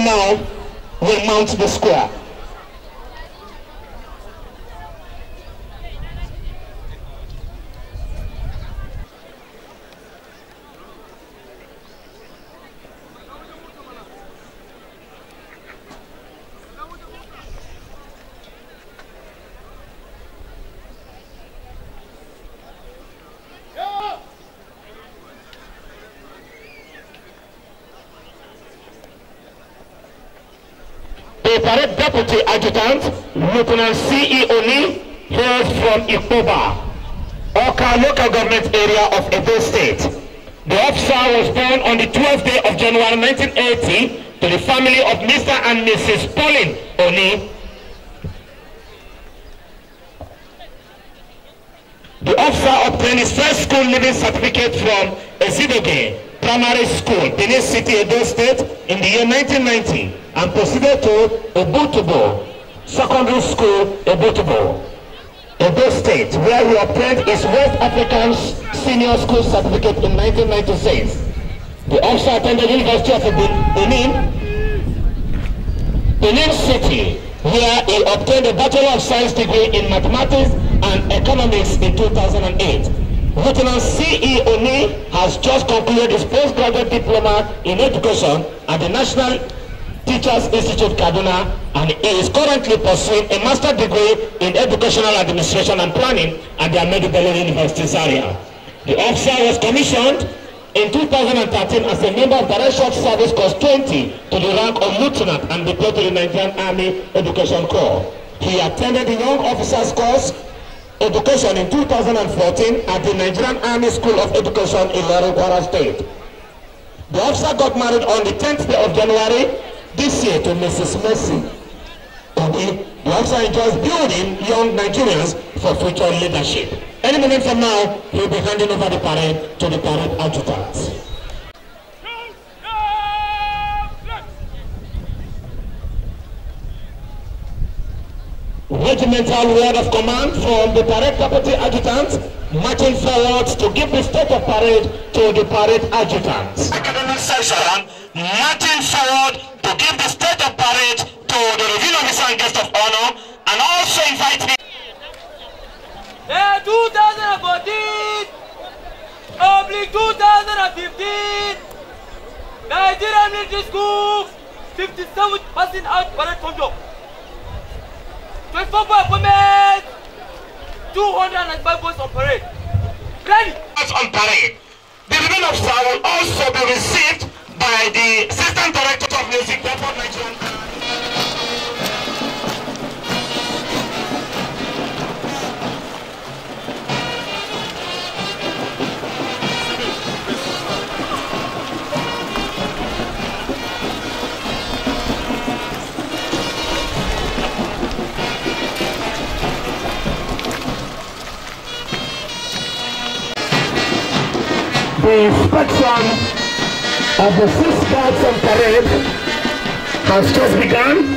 now will mount the square. Direct Deputy Adjutant, Lieutenant C.E. Oni, hails from Ikoba, Oka local government area of Edo State. The officer was born on the 12th day of January 1980 to the family of Mr. and Mrs. Pauline Oni. The officer obtained his first school leaving certificate from Ezidoge primary school, Benin City, Edo State, in the year 1990 and proceeded to Obutubo Secondary School, Obutubo, Edo State, where he obtained his West African Senior School Certificate in 1996. He also attended University of Benin, Benin City, where he obtained a Bachelor of Science degree in Mathematics and Economics in 2008. Veteran C.E. Oni has just concluded his postgraduate diploma in education at the National Teachers Institute Kaduna and he is currently pursuing a master's degree in educational administration and planning at the Ahmedu Bello University Zaria. The officer was commissioned in 2013 as a member of the Red Service Corps 20 to the rank of lieutenant and deployed to the Nigerian Army Education Corps. He attended the Young Officers Course Education in 2014 at the Nigerian Army School of Education in Kwara State. The officer got married on the 10th day of January this year to Mrs. Mercy. The, the officer enjoys building young Nigerians for future leadership. Any moment from now, he'll be handing over the parade to the parade adjutant. regimental word of command from the parade deputy adjutant, marching forward to give the state of parade to the parade adjutant. Academic section, marching forward to give the state of parade to the reveal of his guest of honor, and also invite me. Hey, eh, 2014, oblique 2015, Nigerian military school, 57 passing out parade from job. Twenty-four boy women, five boys on parade. Ready? That's on parade. The women of will also be received by the Assistant Director of Music, Depot Nigerian. inspection of the six parts of parade has just begun.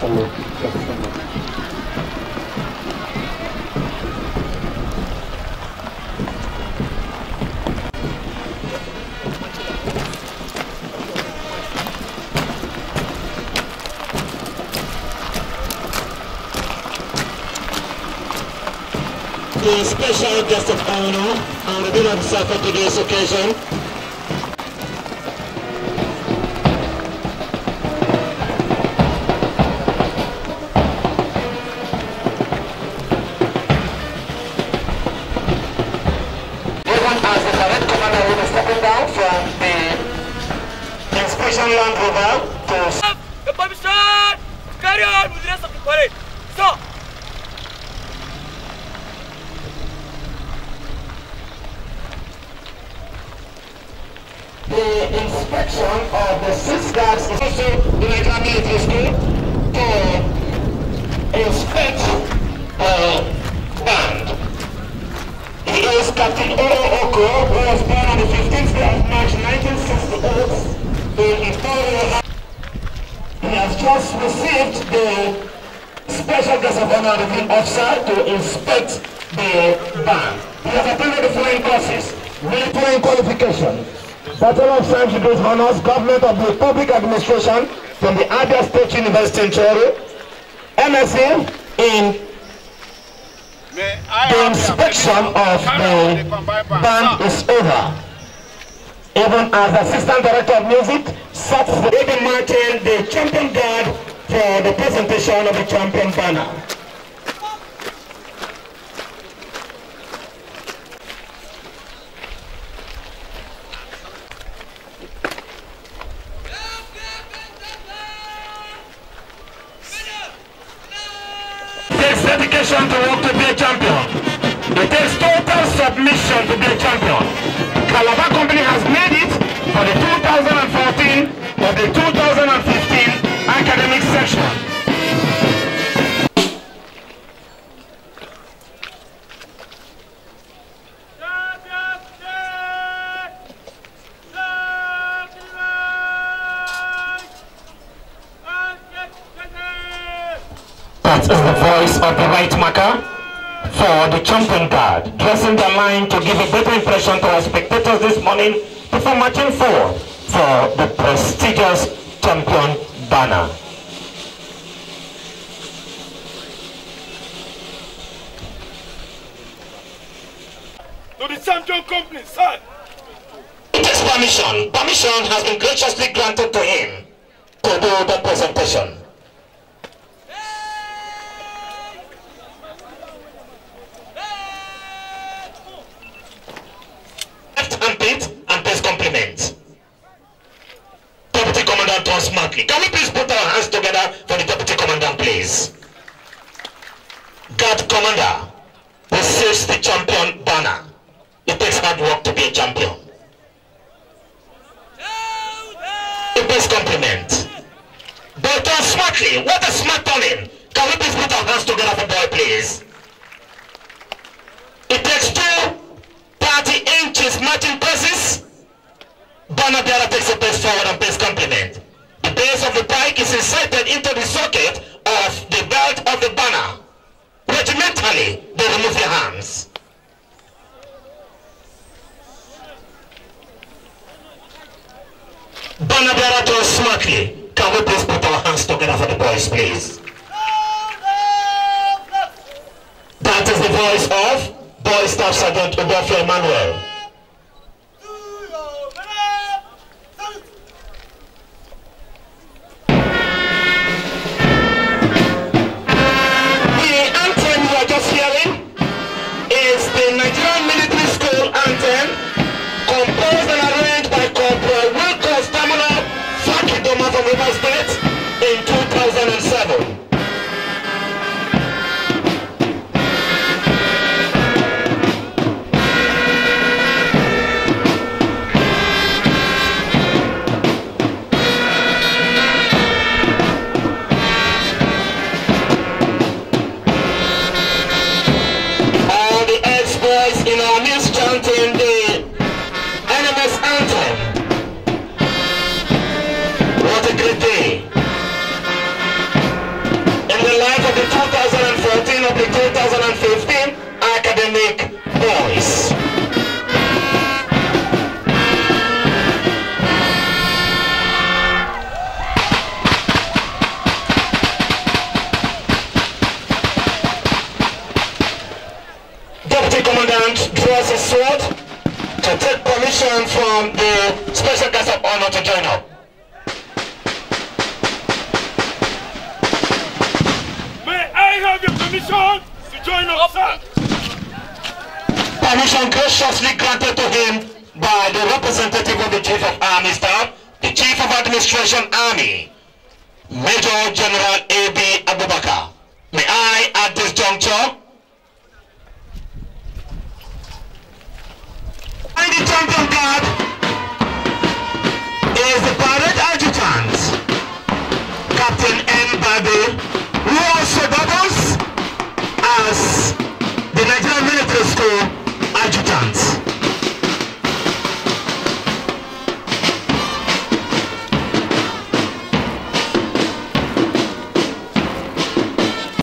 The special guest of honor, on the dinner of for today's occasion, Land Rover to... Carry on with the rest of the parade. Stop! The inspection of the six guards is also the Nigerian military school to inspect uh, band. He is Captain Oro Oko, who was born on the 15th day on officer to inspect the band. He has attended the following courses. Military qualification. battle of Science Degrees Honours, Government of the Public Administration from the Abia State University in Choro. MSc in the inspection of the band is over. Even as Assistant Director of Music, David Martin, the champion guard for the presentation of the champion banner. dedication to work to be a champion. It takes total submission to be a champion. Calabar Company has made it for the 2014 or the 2015 academic session. the right marker for the champion card, dressing the line to give a better impression to our spectators this morning before marching four for the prestigious champion banner. To the champion company, sir! permission, permission has been graciously granted to him to do the presentation. Can we please put our hands together for the deputy commander, please? Guard commander who saves the champion banner. It takes hard work to be a champion. It compliment. Bolton smartly, what a smart turning. Can we please put our hands together for boy, please? It takes two 30 inches matching passes. Banner bearer takes a pace forward and pace compliment base of the pike is inserted into the socket of the belt of the banner. Regimentally, they remove their hands. Banner bearer to smartly. Can we please put our hands together for the boys, please? That is the voice of Boy Staff Sergeant Obafio Emmanuel. special guest of honor to join up. May I have your permission to join up, sir? Permission graciously granted to him by the representative of the Chief of Army Staff, the Chief of Administration Army, Major General A.B. Abubakar. May I, at this juncture, the champion guy. Alabi, who also doubles as the Nigerian military school